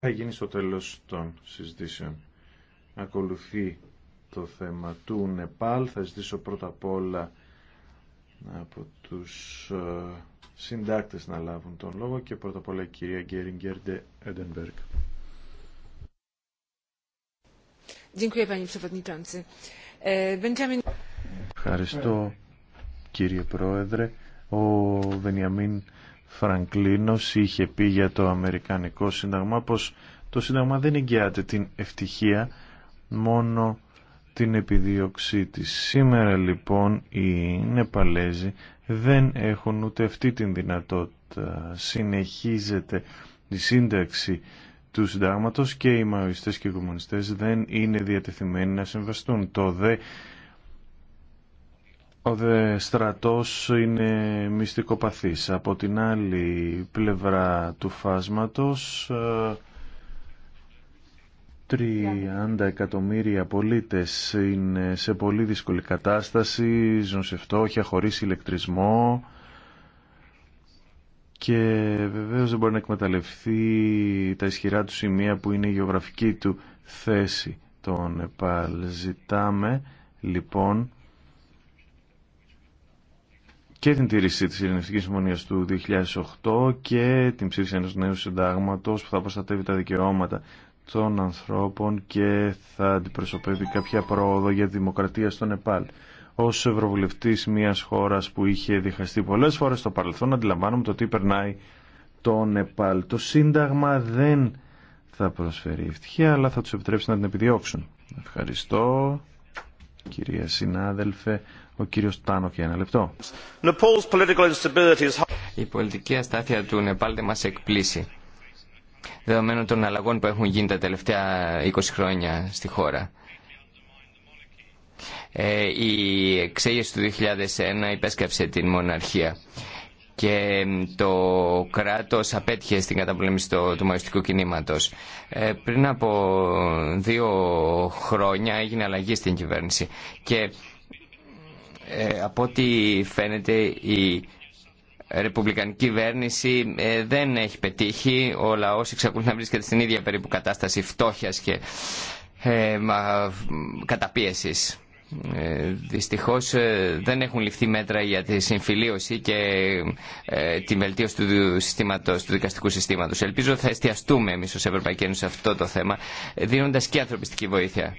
θα γίνει στο τέλος των συζητήσεων. Ακολουθεί το θέμα του Νεπάλ. Θα ζητήσω πρώτα απ' όλα από τους ε, συντάκτες να λάβουν τον λόγο και πρώτα απ' όλα η κυρία Γκέριγκερντε Εντενμπεργκ. E, Ευχαριστώ κύριε Πρόεδρε. Ο Βενιαμίν Φραγκλίνος είχε πει για το Αμερικανικό Σύνταγμα πως το Σύνταγμα δεν εγγυάται την ευτυχία μόνο την επιδίωξή της. Σήμερα λοιπόν οι Νεπαλέζοι δεν έχουν ούτε αυτή την δυνατότητα. Συνεχίζεται η σύνταξη του συντάγματος και οι μαοιστές και οι κομμουνιστές δεν είναι διατεθειμένοι να συμβαστούν. Το δε ο δε στρατός είναι μυστικοπαθής. Από την άλλη πλευρά του φάσματος 30 ε, εκατομμύρια πολίτες είναι σε πολύ δύσκολη κατάσταση, ζουν σε φτώχεια, χωρίς ηλεκτρισμό και βεβαίως δεν μπορεί να εκμεταλλευτεί τα ισχυρά του σημεία που είναι η γεωγραφική του θέση. Τον ΕΠΑΛ ζητάμε λοιπόν και την τήρηση της Ειρηνευτικής Συμφωνίας του 2008 και την ψήφιση ενός νέου συντάγματος που θα προστατεύει τα δικαιώματα των ανθρώπων και θα αντιπροσωπεύει κάποια πρόοδο για τη δημοκρατία στο Νεπάλ. Ω ευρωβουλευτή μια χώρα που είχε διχαστεί πολλέ φορέ στο παρελθόν, αντιλαμβάνομαι το τι περνάει το Νεπάλ. Το Σύνταγμα δεν θα προσφέρει ευτυχία, αλλά θα του επιτρέψει να την επιδιώξουν. Ευχαριστώ. Κυρία συνάδελφε, ο κύριος Τάνο ένα λεπτό. Η πολιτική αστάθεια του Νεπάλ δεν μας εκπλήσει. δεδομένου των αλλαγών που έχουν γίνει τα τελευταία 20 χρόνια στη χώρα. Ε, η εξέγερση του 2001 υπέσκεψε την μοναρχία και το κράτος απέτυχε στην καταπολέμηση του μαγιστικού κινήματος. Ε, πριν από δύο χρόνια έγινε αλλαγή στην κυβέρνηση και ε, από ό,τι φαίνεται η ρεπουμπλικανική κυβέρνηση ε, δεν έχει πετύχει. Ο λαός εξακολουθεί να βρίσκεται στην ίδια περίπου κατάσταση φτώχειας και καταπίεσης. Ε, δυστυχώς ε, δεν έχουν ληφθεί μέτρα για τη συμφιλίωση και ε, τη βελτίωση του, συστήματος, του δικαστικού συστήματος. Ελπίζω θα εστιαστούμε εμείς ως Ευρωπαϊκή Ένωση σε αυτό το θέμα, δίνοντας και ανθρωπιστική βοήθεια.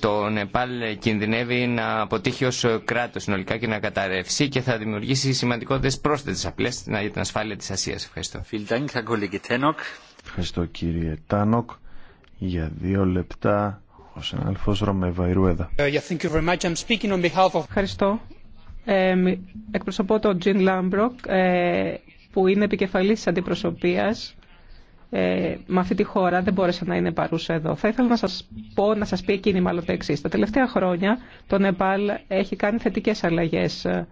το Νεπάλ κινδυνεύει να αποτύχει ως κράτος συνολικά και να καταρρεύσει και θα δημιουργήσει σημαντικότητες πρόσθετες απλές για την ασφάλεια της Ασίας. Ευχαριστώ. Ευχαριστώ κύριε Τάνοκ. Για δύο λεπτά ε, Ευχαριστώ. Ε, εκπροσωπώ τον Τζιν Λάμπροκ, ε, που είναι επικεφαλή τη αντιπροσωπεία ε, με αυτή τη χώρα δεν μπόρεσε να είναι παρούσα εδώ. Θα ήθελα να σα πω, να σα πει εκείνη μάλλον το εξή. Τα τελευταία χρόνια το Νεπάλ έχει κάνει θετικέ αλλαγέ, ε,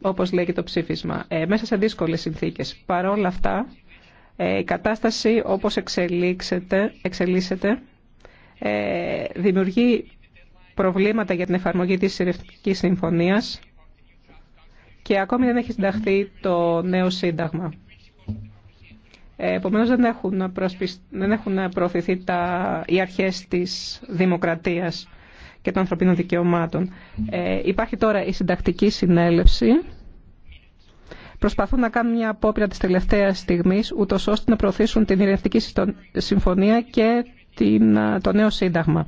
όπως λέει και το ψήφισμα, ε, μέσα σε δύσκολες συνθήκες. Παρ' όλα αυτά, ε, η κατάσταση όπως εξελίσσεται, εξελίσσεται ε, δημιουργεί προβλήματα για την εφαρμογή της Συνευτικής Συμφωνίας και ακόμη δεν έχει συνταχθεί το νέο σύνταγμα. Ε, επομένως δεν έχουν, προσπισ... δεν έχουν προωθηθεί τα... οι αρχές της δημοκρατίας και των ανθρωπίνων δικαιωμάτων. Ε, υπάρχει τώρα η συντακτική συνέλευση. Προσπαθούν να κάνουν μια απόπειρα της τελευταίας στιγμής, ούτως ώστε να προωθήσουν την ειρηνευτική συμφωνία και την, το νέο σύνταγμα.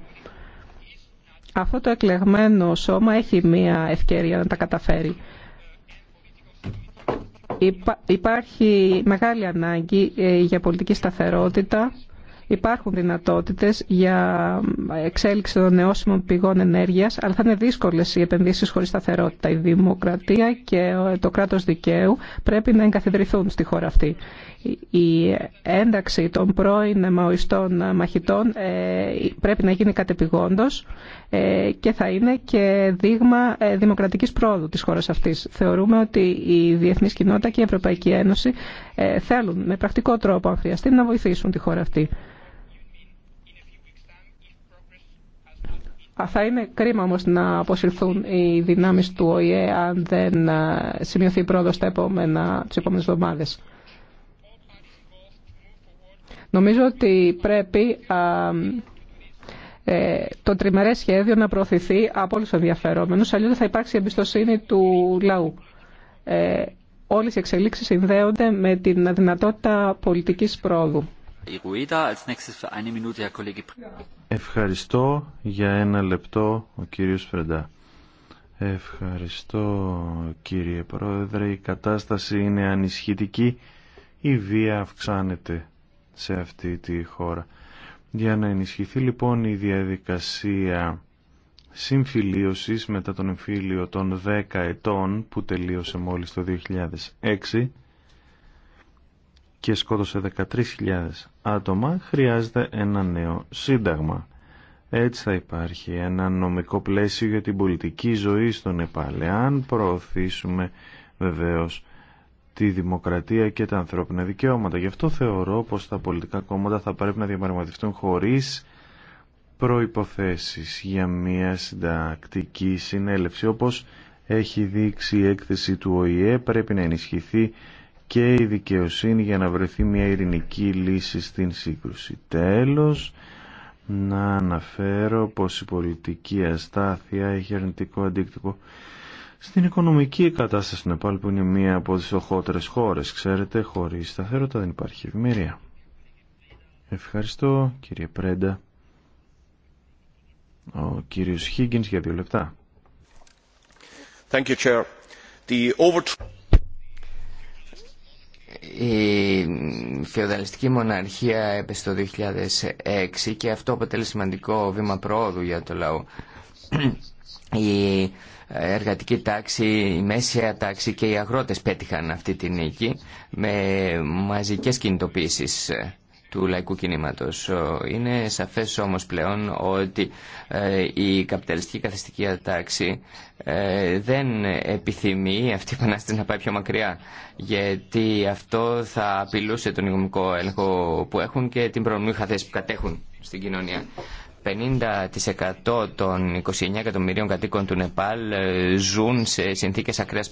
Αυτό το εκλεγμένο σώμα έχει μία ευκαιρία να τα καταφέρει. Υπάρχει μεγάλη ανάγκη ε, για πολιτική σταθερότητα. Υπάρχουν δυνατότητες για ε, εξέλιξη των νεώσιμων πηγών ενέργειας, αλλά θα είναι δύσκολες οι επενδύσεις χωρίς σταθερότητα. Η δημοκρατία και ε, το κράτος δικαίου πρέπει να εγκαθιδρυθούν στη χώρα αυτή η ένταξη των πρώην μαοιστών μαχητών ε, πρέπει να γίνει ε, και θα είναι και δείγμα ε, δημοκρατικής πρόοδου της χώρας αυτής. Θεωρούμε ότι η διεθνής κοινότητα και η Ευρωπαϊκή Ένωση ε, θέλουν με πρακτικό τρόπο αν χρειαστεί να βοηθήσουν τη χώρα αυτή. Θα είναι κρίμα όμως να αποσυρθούν οι δυνάμεις του ΟΗΕ αν δεν σημειωθεί πρόοδος τις επόμενες Νομίζω ότι πρέπει ε, το τριμερέ σχέδιο να προωθηθεί από όλου του ενδιαφερόμενου, αλλιώ θα υπάρξει εμπιστοσύνη του λαού. Ε, Όλε οι εξελίξει συνδέονται με την δυνατότητα πολιτική πρόοδου. Ευχαριστώ για ένα λεπτό ο κύριος Φρεντά. Ευχαριστώ κύριε Πρόεδρε. Η κατάσταση είναι ανισχυτική. Η βία αυξάνεται σε αυτή τη χώρα. Για να ενισχυθεί λοιπόν η διαδικασία συμφιλίωσης μετά τον εμφύλιο των 10 ετών που τελείωσε μόλις το 2006 και σκότωσε 13.000 άτομα χρειάζεται ένα νέο σύνταγμα. Έτσι θα υπάρχει ένα νομικό πλαίσιο για την πολιτική ζωή στον Νεπάλ. Αν προωθήσουμε βεβαίως τη δημοκρατία και τα ανθρώπινα δικαιώματα. Γι' αυτό θεωρώ πως τα πολιτικά κόμματα θα πρέπει να διαπραγματευτούν χωρίς προϋποθέσεις για μια συντακτική συνέλευση. Όπως έχει δείξει η έκθεση του ΟΗΕ πρέπει να ενισχυθεί και η δικαιοσύνη για να βρεθεί μια ειρηνική λύση στην σύγκρουση. Τέλος, να αναφέρω πως η πολιτική αστάθεια έχει αρνητικό αντίκτυπο στην οικονομική κατάσταση του Νεπάλ που είναι μία από τις οχότερες χώρες. Ξέρετε, χωρίς σταθερότητα δεν υπάρχει ευημερία. Ευχαριστώ κύριε Πρέντα. Ο κύριος Χίγκινς για δύο λεπτά. Thank you, Chair. The Η φεοδαλιστική μοναρχία έπεσε το 2006 και αυτό αποτελεί σημαντικό βήμα πρόοδου για το λαό. Η εργατική τάξη, η μέσια τάξη και οι αγρότες πέτυχαν αυτή τη νίκη με μαζικές κινητοποίησεις ε, του λαϊκού κινήματος. Είναι σαφές όμως πλέον ότι ε, η καπιταλιστική καθεστική τάξη ε, δεν επιθυμεί αυτή η επανάσταση να πάει πιο μακριά γιατί αυτό θα απειλούσε τον οικονομικό έλεγχο που έχουν και την προνομή θέση που κατέχουν στην κοινωνία. 50% των 29 εκατομμυρίων κατοίκων του Νεπάλ ε, ζουν σε συνθήκες ακραίας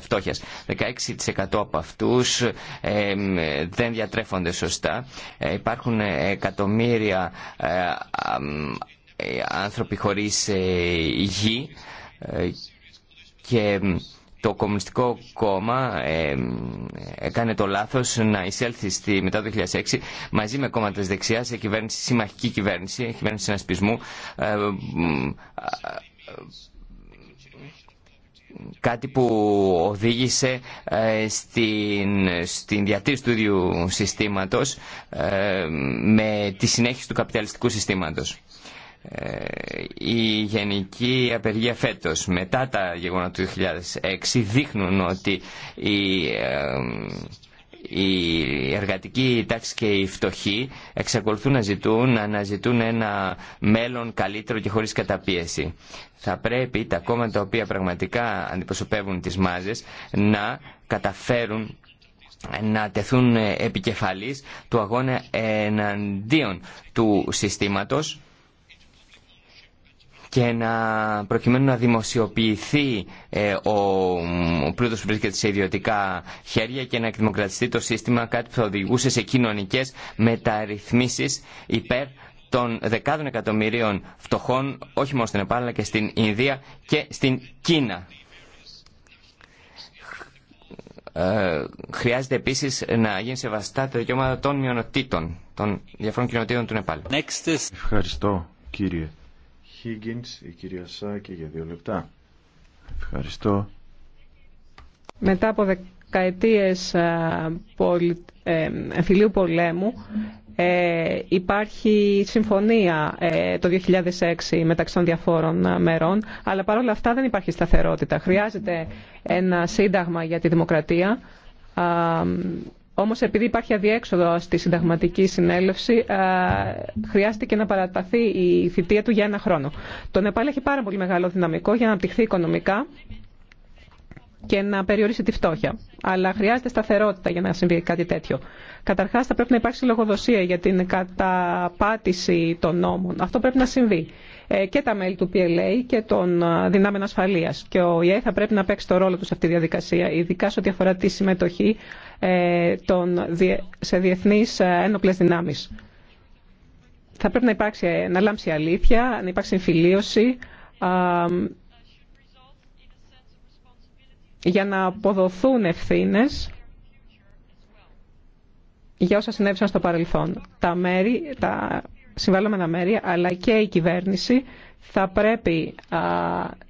φτώχειας. 16% ε, από αυτούς ε, δεν διατρέφονται σωστά. Υπάρχουν εκατομμύρια άνθρωποι χωρίς γη και το Κομμουνιστικό Κόμμα ε, έκανε το λάθος να εισέλθει στη, μετά το 2006 μαζί με κόμματα της δεξιάς σε κυβέρνηση, συμμαχική κυβέρνηση, κυβέρνηση συνασπισμού ε, ε, κάτι που οδήγησε ε, στην, στην διατήρηση του ίδιου συστήματος με τη συνέχιση του καπιταλιστικού συστήματος. Ε, η γενική απεργία φέτος μετά τα γεγονότα του 2006 δείχνουν ότι η, ε, η εργατική τάξη και οι φτωχοί εξακολουθούν να ζητούν, να αναζητούν ένα μέλλον καλύτερο και χωρίς καταπίεση. Θα πρέπει τα κόμματα τα οποία πραγματικά αντιπροσωπεύουν τις μάζες να καταφέρουν να τεθούν επικεφαλής του αγώνα εναντίον του συστήματος και να προκειμένου να δημοσιοποιηθεί ε, ο, ο πλούτος που βρίσκεται σε ιδιωτικά χέρια και να εκδημοκρατιστεί το σύστημα, κάτι που θα οδηγούσε σε κοινωνικέ μεταρρυθμίσεις υπέρ των δεκάδων εκατομμυρίων φτωχών, όχι μόνο στην Επάλα αλλά και στην Ινδία και στην Κίνα. Ε, χρειάζεται επίσης να γίνει σεβαστά τα δικαιώματα των μειονοτήτων, των διαφορών κοινοτήτων του Νεπάλ. Ευχαριστώ κύριε η κυρία Σάκη για δύο λεπτά. Ευχαριστώ. Μετά από δεκαετίες ε, ε, φιλίου πολέμου ε, υπάρχει συμφωνία το 2006 μεταξύ των διαφόρων μερών, αλλά παρόλα αυτά δεν υπάρχει σταθερότητα. Χρειάζεται ένα σύνταγμα για τη δημοκρατία όμως επειδή υπάρχει αδιέξοδο στη συνταγματική συνέλευση, χρειάστηκε να παραταθεί η θητεία του για ένα χρόνο. Το Νεπάλ έχει πάρα πολύ μεγάλο δυναμικό για να αναπτυχθεί οικονομικά και να περιορίσει τη φτώχεια. Αλλά χρειάζεται σταθερότητα για να συμβεί κάτι τέτοιο. Καταρχά, θα πρέπει να υπάρξει λογοδοσία για την καταπάτηση των νόμων. Αυτό πρέπει να συμβεί. Ε, και τα μέλη του PLA και των ε, δυνάμεων ασφαλεία. Και ο ΙΕ θα πρέπει να παίξει το ρόλο του σε αυτή τη διαδικασία, ειδικά σε ό,τι αφορά τη συμμετοχή ε, σε διεθνεί ένοπλε δυνάμει. Θα πρέπει να υπάρξει να λάμψει αλήθεια, να υπάρξει συμφιλίωση για να αποδοθούν ευθύνε για όσα συνέβησαν στο παρελθόν. Τα μέρη, τα συμβαλλόμενα μέρη αλλά και η κυβέρνηση θα πρέπει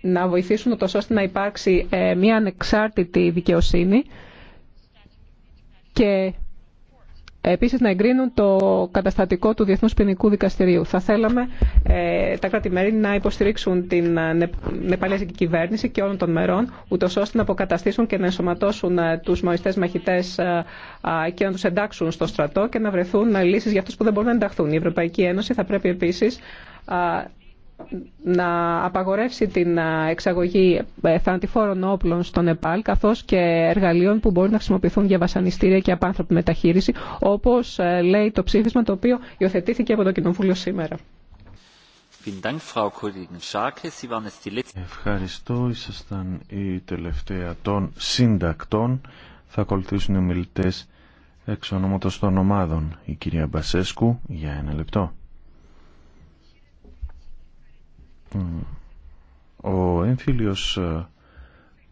να βοηθήσουν το ώστε να υπάρξει ε, μια ανεξάρτητη δικαιοσύνη και επίσης να εγκρίνουν το καταστατικό του Διεθνούς Ποινικού Δικαστηρίου. Θα θέλαμε ε, τα κρατη να υποστηρίξουν την ε, νεπαλέζικη κυβέρνηση και όλων των μερών, ούτως ώστε να αποκαταστήσουν και να ενσωματώσουν ε, τους μοριστές μαχητές ε, και να τους εντάξουν στο στρατό και να βρεθούν λύσεις για αυτούς που δεν μπορούν να ενταχθούν. Η Ευρωπαϊκή Ένωση θα πρέπει επίσης να απαγορεύσει την εξαγωγή ε, θανατηφόρων όπλων στο Νεπάλ καθώς και εργαλείων που μπορούν να χρησιμοποιηθούν για βασανιστήρια και απάνθρωπη μεταχείριση όπως ε, λέει το ψήφισμα το οποίο υιοθετήθηκε από το Κοινοβούλιο σήμερα. Ευχαριστώ. Ήσασταν η τελευταία των συντακτών. Θα ακολουθήσουν οι ομιλητές εξ ονόματος των ομάδων. Η κυρία Μπασέσκου για ένα λεπτό. Ο έμφυλιος ε,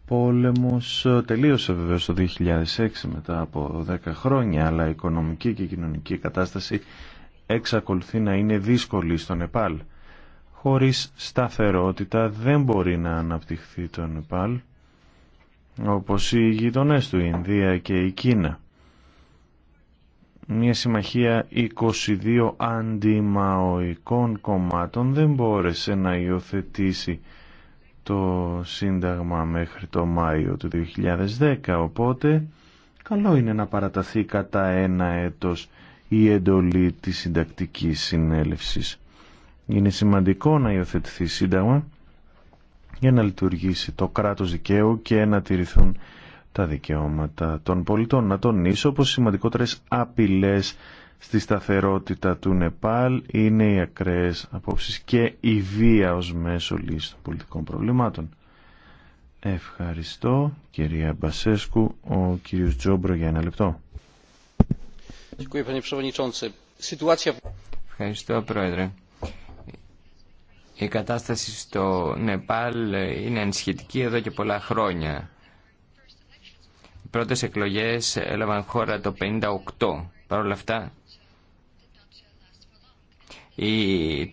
πόλεμος ε, τελείωσε βέβαια το 2006 μετά από 10 χρόνια, αλλά η οικονομική και η κοινωνική κατάσταση εξακολουθεί να είναι δύσκολη στο Νεπάλ. Χωρίς σταθερότητα δεν μπορεί να αναπτυχθεί το Νεπάλ, όπως οι γειτονές του, η Ινδία και η Κίνα μια συμμαχία 22 αντιμαοικών κομμάτων δεν μπόρεσε να υιοθετήσει το Σύνταγμα μέχρι το Μάιο του 2010, οπότε καλό είναι να παραταθεί κατά ένα έτος η εντολή της συντακτικής συνέλευσης. Είναι σημαντικό να υιοθετηθεί Σύνταγμα για να λειτουργήσει το κράτος δικαίου και να τηρηθούν τα δικαιώματα των πολιτών. Να τονίσω πως οι σημαντικότερες απειλές στη σταθερότητα του Νεπάλ είναι οι ακραίες απόψεις και η βία ως μέσο λύση των πολιτικών προβλημάτων. Ευχαριστώ κυρία Μπασέσκου, ο κύριος Τζόμπρο για ένα λεπτό. Ευχαριστώ πρόεδρε. Η κατάσταση στο Νεπάλ είναι ενσχετική εδώ και πολλά χρόνια πρώτες εκλογές έλαβαν χώρα το 1958. Παρ' όλα αυτά,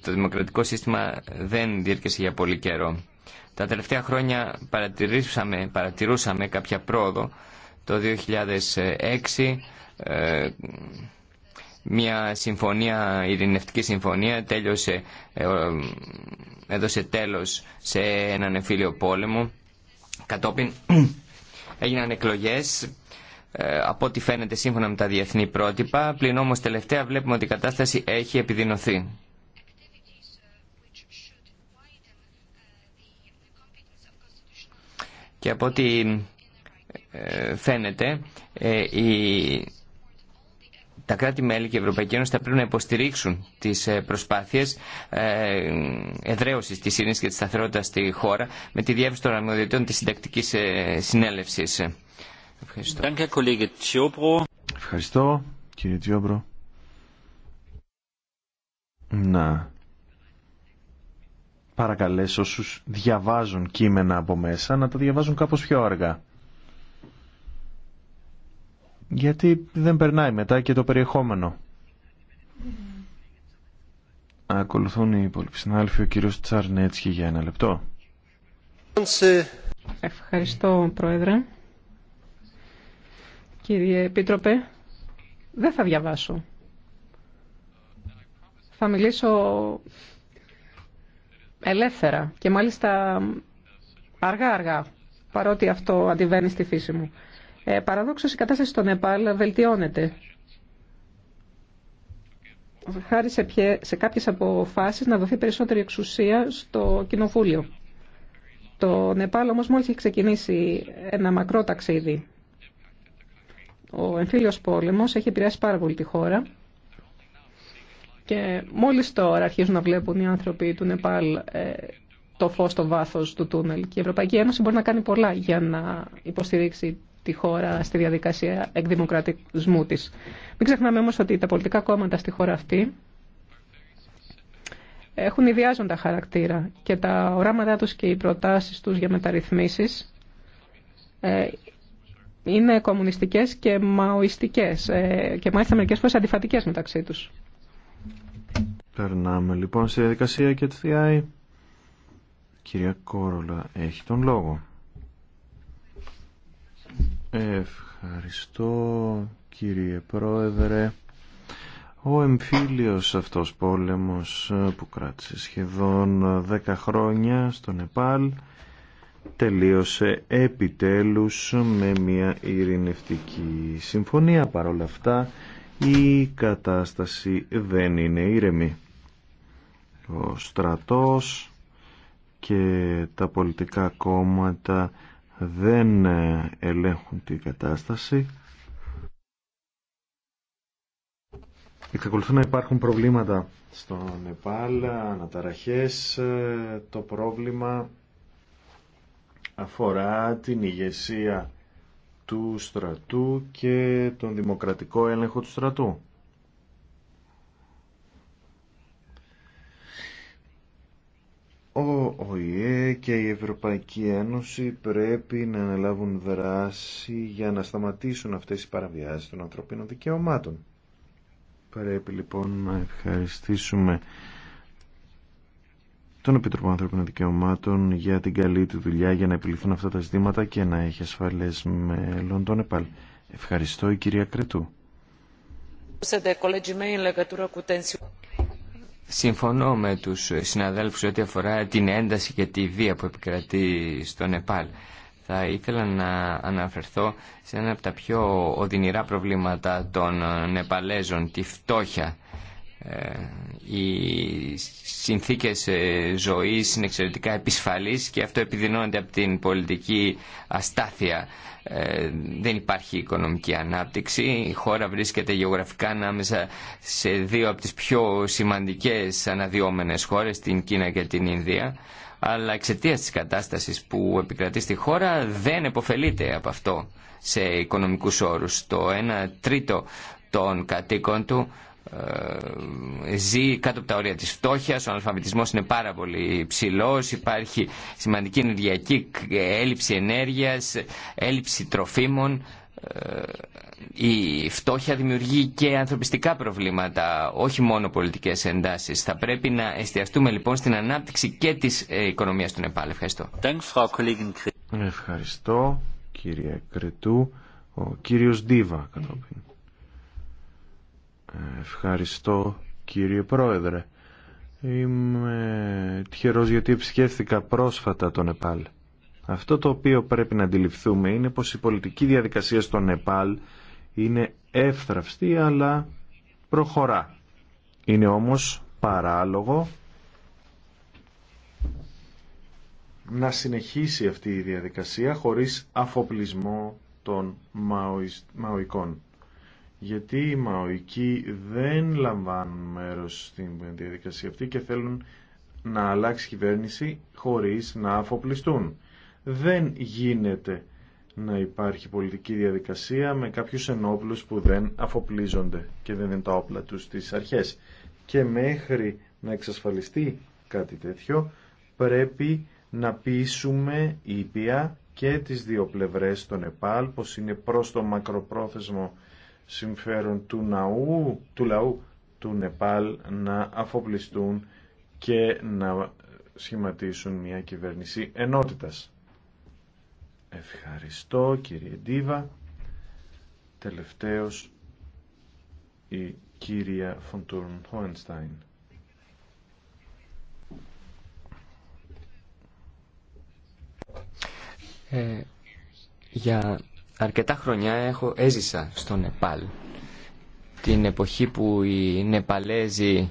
το δημοκρατικό σύστημα δεν διέρχεσε για πολύ καιρό. Τα τελευταία χρόνια παρατηρούσαμε, παρατηρούσαμε κάποια πρόοδο. Το 2006 ε, μια συμφωνία, ειρηνευτική συμφωνία τέλειωσε, ε, έδωσε τέλος σε έναν εμφύλιο πόλεμο. Κατόπιν έγιναν εκλογές ε, από ό,τι φαίνεται σύμφωνα με τα διεθνή πρότυπα, πλην όμως τελευταία βλέπουμε ότι η κατάσταση έχει επιδεινωθεί. Και από ό,τι ε, φαίνεται, ε, η τα κράτη-μέλη και η Ευρωπαϊκή Ένωση θα πρέπει να υποστηρίξουν τις ε, προσπάθειες ε, εδραίωσης τη ειρήνη και της σταθερότητα στη χώρα με τη διεύθυνση των αρμοδιοτήτων της συντακτική ε, συνέλευσης. Ευχαριστώ. Ευχαριστώ κύριε Τσιόμπρο. Να παρακαλέσω όσους διαβάζουν κείμενα από μέσα να τα διαβάζουν κάπως πιο αργά γιατί δεν περνάει μετά και το περιεχόμενο. Ακολουθούν οι υπόλοιποι συνάδελφοι, ο κύριος Τσαρνέτσκι για ένα λεπτό. Ευχαριστώ, Πρόεδρε. Κύριε Επίτροπε, δεν θα διαβάσω. Θα μιλήσω ελεύθερα και μάλιστα αργά-αργά, παρότι αυτό αντιβαίνει στη φύση μου. Ε, παραδόξως η κατάσταση στο Νεπάλ βελτιώνεται. Χάρη σε, ποιε, σε κάποιες αποφάσεις να δοθεί περισσότερη εξουσία στο κοινοβούλιο. Το Νεπάλ όμως μόλις έχει ξεκινήσει ένα μακρό ταξίδι. Ο εμφύλιος πόλεμος έχει επηρεάσει πάρα πολύ τη χώρα και μόλις τώρα αρχίζουν να βλέπουν οι άνθρωποι του Νεπάλ ε, το φως στο βάθος του τούνελ και η Ευρωπαϊκή Ένωση μπορεί να κάνει πολλά για να υποστηρίξει τη χώρα στη διαδικασία εκδημοκρατισμού της. Μην ξεχνάμε όμως ότι τα πολιτικά κόμματα στη χώρα αυτή έχουν ιδιάζοντα χαρακτήρα και τα οράματά τους και οι προτάσεις τους για μεταρρυθμίσεις ε, είναι κομμουνιστικές και μαοιστικές ε, και μάλιστα μερικές φορές αντιφατικές μεταξύ τους. Περνάμε λοιπόν στη διαδικασία και τη Κυρία Κόρολα έχει τον λόγο. Ευχαριστώ κύριε Πρόεδρε. Ο εμφύλιος αυτός πόλεμος ε, που κράτησε σχεδόν 10 ε, χρόνια στο Νεπάλ τελείωσε επιτέλους με μια ειρηνευτική συμφωνία. Παρ' όλα αυτά η κατάσταση δεν είναι ήρεμη. Ο στρατός και τα πολιτικά κόμματα δεν ε, ελέγχουν την κατάσταση. Εξακολουθούν να υπάρχουν προβλήματα στο Νεπάλ, αναταραχές. Ε, το πρόβλημα αφορά την ηγεσία του στρατού και τον δημοκρατικό έλεγχο του στρατού. Ο ΟΗΕ και η Ευρωπαϊκή Ένωση πρέπει να αναλάβουν δράση για να σταματήσουν αυτές οι παραβιάσεις των ανθρωπίνων δικαιωμάτων. Πρέπει λοιπόν να ευχαριστήσουμε τον Επίτροπο Ανθρωπίνων Δικαιωμάτων για την καλή του δουλειά για να επιληθούν αυτά τα ζητήματα και να έχει ασφαλές μέλλον τον ΕΠΑΛ. Ευχαριστώ η κυρία Κρετού. Συμφωνώ με τους συναδέλφους ό,τι αφορά την ένταση και τη βία που επικρατεί στο Νεπάλ. Θα ήθελα να αναφερθώ σε ένα από τα πιο οδυνηρά προβλήματα των Νεπαλέζων, τη φτώχεια. Ε, οι συνθήκες ε, ζωής είναι εξαιρετικά επισφαλείς και αυτό επιδεινώνεται από την πολιτική αστάθεια. Ε, δεν υπάρχει οικονομική ανάπτυξη. Η χώρα βρίσκεται γεωγραφικά ανάμεσα σε δύο από τις πιο σημαντικές αναδυόμενες χώρες, την Κίνα και την Ινδία. Αλλά εξαιτία της κατάστασης που επικρατεί στη χώρα δεν επωφελείται από αυτό σε οικονομικούς όρους. Το 1 τρίτο των κατοίκων του ε, ε, ζει κάτω από τα όρια της φτώχειας, ο αλφαβητισμός είναι πάρα πολύ ψηλός υπάρχει σημαντική ενεργειακή έλλειψη ενέργειας, έλλειψη τροφίμων. Ε, η φτώχεια δημιουργεί και ανθρωπιστικά προβλήματα, όχι μόνο πολιτικές εντάσεις. Θα πρέπει να εστιαστούμε λοιπόν στην ανάπτυξη και της οικονομίας του Νεπάλ. Ευχαριστώ. Ευχαριστώ κύριε Κρετού. Ο κύριος κατόπιν. Ευχαριστώ κύριε Πρόεδρε. Είμαι τυχερός γιατί επισκέφθηκα πρόσφατα τον Νεπάλ. Αυτό το οποίο πρέπει να αντιληφθούμε είναι πως η πολιτική διαδικασία στο Νεπάλ είναι εύθραυστη αλλά προχωρά. Είναι όμως παράλογο να συνεχίσει αυτή η διαδικασία χωρίς αφοπλισμό των μαοϊκών γιατί οι Μαοικοί δεν λαμβάνουν μέρος στην διαδικασία αυτή και θέλουν να αλλάξει κυβέρνηση χωρίς να αφοπλιστούν. Δεν γίνεται να υπάρχει πολιτική διαδικασία με κάποιους ενόπλους που δεν αφοπλίζονται και δεν είναι τα όπλα τους στις αρχές. Και μέχρι να εξασφαλιστεί κάτι τέτοιο πρέπει να πείσουμε ήπια και τις δύο πλευρές των ΕΠΑΛ πως είναι προς το μακροπρόθεσμο συμφέρον του, ναού, του λαού του Νεπάλ να αφοπλιστούν και να σχηματίσουν μια κυβέρνηση ενότητας. Ευχαριστώ κύριε Ντίβα. Τελευταίος η κυρία Φοντούρν Χόενστάιν. Ε, για αρκετά χρονιά έχω, έζησα στο Νεπάλ. Την εποχή που οι Νεπαλέζοι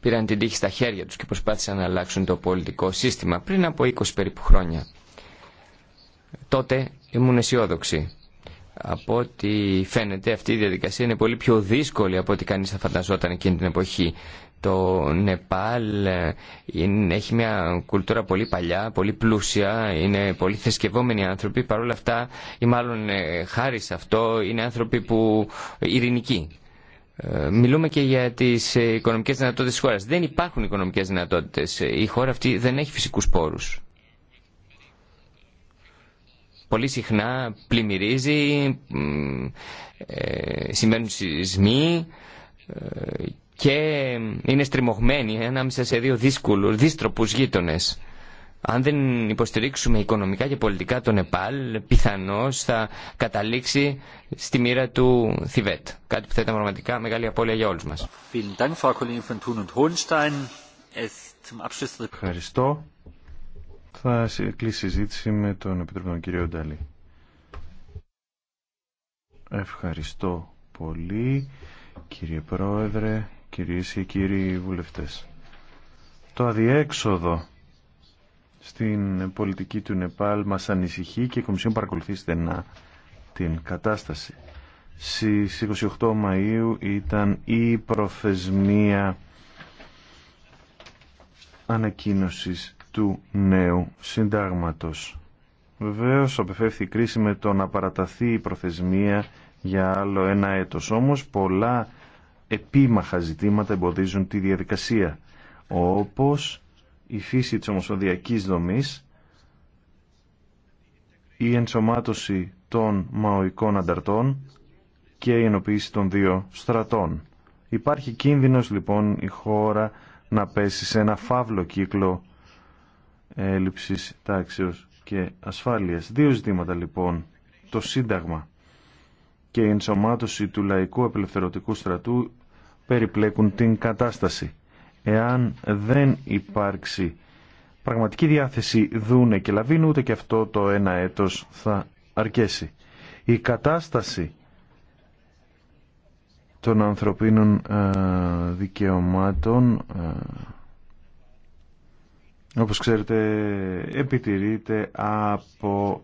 πήραν την τύχη στα χέρια τους και προσπάθησαν να αλλάξουν το πολιτικό σύστημα πριν από 20 περίπου χρόνια. Τότε ήμουν αισιόδοξη. Από ό,τι φαίνεται αυτή η διαδικασία είναι πολύ πιο δύσκολη από ό,τι κανείς θα φανταζόταν εκείνη την εποχή. Το Νεπάλ ε, είναι, έχει μια κουλτούρα πολύ παλιά, πολύ πλούσια, είναι πολύ θεσκευόμενοι άνθρωποι, παρόλα αυτά ή μάλλον ε, χάρη σε αυτό είναι άνθρωποι που ειρηνικοί. Ε, μιλούμε και για τις οικονομικές δυνατότητε τη χώρα. Δεν υπάρχουν οικονομικέ δυνατότητε. Η χώρα αυτή δεν έχει φυσικού πόρου πολύ συχνά πλημμυρίζει, ε, συμβαίνουν σεισμοί ε, και είναι στριμωγμένοι ανάμεσα σε δύο δύσκολους, δύστροπους γείτονες. Αν δεν υποστηρίξουμε οικονομικά και πολιτικά τον Νεπάλ, πιθανώς θα καταλήξει στη μοίρα του Θιβέτ. Κάτι που θα ήταν πραγματικά μεγάλη απώλεια για όλους μας. Ευχαριστώ. Θα κλείσει συζήτηση με τον Επιτροπή κύριο Νταλή. Ευχαριστώ πολύ κύριε Πρόεδρε, κυρίες και κύριοι βουλευτές. Το αδιέξοδο στην πολιτική του Νεπάλ μας ανησυχεί και η Κομισιόν παρακολουθεί στενά την κατάσταση. Στις 28 Μαΐου ήταν η προθεσμία ανακοίνωση του νέου συντάγματος. Βεβαίως απεφεύθη η κρίση με το να παραταθεί η προθεσμία για άλλο ένα έτος. Όμως πολλά επίμαχα ζητήματα εμποδίζουν τη διαδικασία. Όπως η φύση της ομοσπονδιακής δομής, η ενσωμάτωση των μαοικών ανταρτών και η ενοποίηση των δύο στρατών. Υπάρχει κίνδυνος λοιπόν η χώρα να πέσει σε ένα φαύλο κύκλο έλλειψης τάξεως και ασφάλειας. Δύο ζητήματα λοιπόν. Το Σύνταγμα και η ενσωμάτωση του λαϊκού απελευθερωτικού στρατού περιπλέκουν την κατάσταση. Εάν δεν υπάρξει πραγματική διάθεση δούνε και λαβίνουν, ούτε και αυτό το ένα έτος θα αρκέσει. Η κατάσταση των ανθρωπίνων ε, δικαιωμάτων ε, όπως ξέρετε επιτηρείται από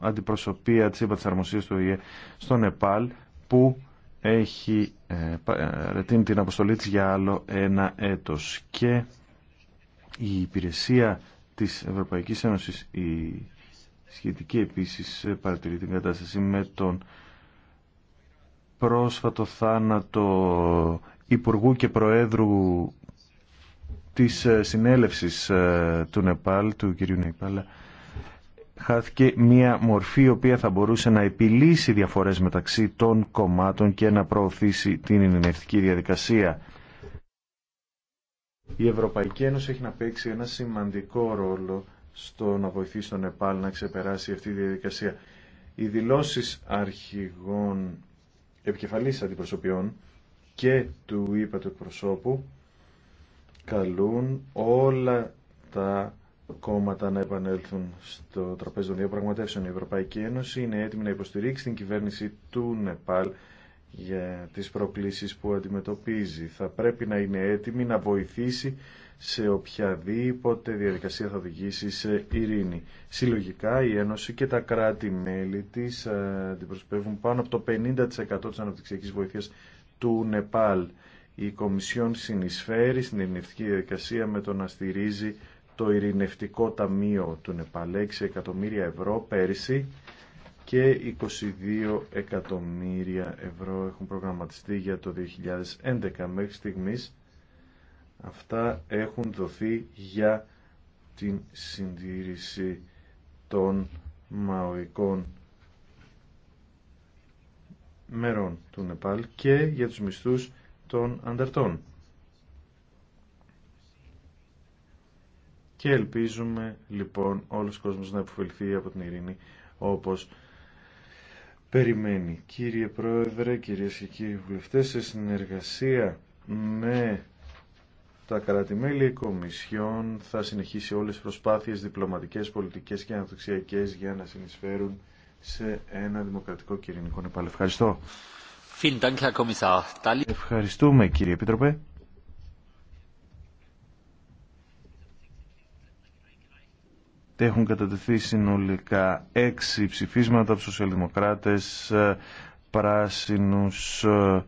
αντιπροσωπεία της Αρμοσίας του ΙΕ στο Νεπάλ που έχει ε, ε, την αποστολή της για άλλο ένα έτος και η υπηρεσία της Ευρωπαϊκής Ένωσης η σχετική επίσης παρατηρεί την κατάσταση με τον πρόσφατο θάνατο Υπουργού και Προέδρου της ε, συνέλευσης ε, του Νεπάλ, του κυρίου Νεπάλ, ε, χάθηκε μία μορφή η οποία θα μπορούσε να επιλύσει διαφορές μεταξύ των κομμάτων και να προωθήσει την ειρηνευτική διαδικασία. Η Ευρωπαϊκή Ένωση έχει να παίξει ένα σημαντικό ρόλο στο να βοηθήσει τον Νεπάλ να ξεπεράσει αυτή τη διαδικασία. Οι δηλώσεις αρχηγών επικεφαλής αντιπροσωπιών και του ύπατου προσώπου καλούν όλα τα κόμματα να επανέλθουν στο τραπέζι των διαπραγματεύσεων. Η Ευρωπαϊκή Ένωση είναι έτοιμη να υποστηρίξει την κυβέρνηση του Νεπάλ για τις προκλήσεις που αντιμετωπίζει. Θα πρέπει να είναι έτοιμη να βοηθήσει σε οποιαδήποτε διαδικασία θα οδηγήσει σε ειρήνη. Συλλογικά η Ένωση και τα κράτη-μέλη της ε, αντιπροσωπεύουν πάνω από το 50% της αναπτυξιακής βοήθειας του Νεπάλ η Κομισιόν συνεισφέρει στην ειρηνευτική διαδικασία με το να στηρίζει το ειρηνευτικό ταμείο του Νεπάλ 6 εκατομμύρια ευρώ πέρσι και 22 εκατομμύρια ευρώ έχουν προγραμματιστεί για το 2011 μέχρι στιγμής. Αυτά έχουν δοθεί για την συντήρηση των μαοικών μερών του Νεπάλ και για τους μισθούς των ανταρτών. Και ελπίζουμε λοιπόν όλος ο κόσμος να υποφελθεί από την ειρήνη όπως περιμένει. Κύριε Πρόεδρε, κυρίες και κύριοι βουλευτές, σε συνεργασία με τα κρατημέλη κομισιών θα συνεχίσει όλες τις προσπάθειες διπλωματικές, πολιτικές και αναπτυξιακές για να συνεισφέρουν σε ένα δημοκρατικό και νεπάλ. Ευχαριστώ. Ευχαριστούμε κύριε Επίτροπε. Έχουν κατατεθεί συνολικά έξι ψηφίσματα από σοσιαλδημοκράτες, ε, πράσινους, ε,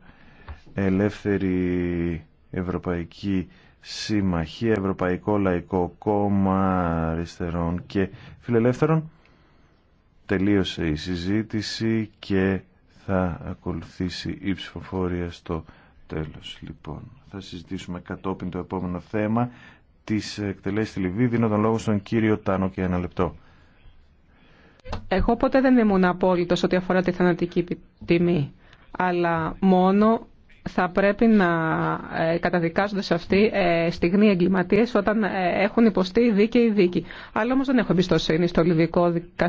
ελεύθερη ευρωπαϊκή συμμαχία, ευρωπαϊκό λαϊκό κόμμα αριστερών και φιλελεύθερων. Τελείωσε η συζήτηση και θα ακολουθήσει η ψηφοφόρια στο τέλος. Λοιπόν, θα συζητήσουμε κατόπιν το επόμενο θέμα της εκτελέσεις στη Λιβύη. Δίνω τον λόγο στον κύριο Τάνο και ένα λεπτό. Εγώ ποτέ δεν ήμουν απόλυτος ό,τι αφορά τη θανατική τιμή, αλλά μόνο θα πρέπει να ε, καταδικάζονται σε αυτή ε, στιγμή εγκληματίες όταν ε, έχουν υποστεί δίκαιη δίκη. Αλλά όμως δεν έχω εμπιστοσύνη στο λιβικό δικαστήριο.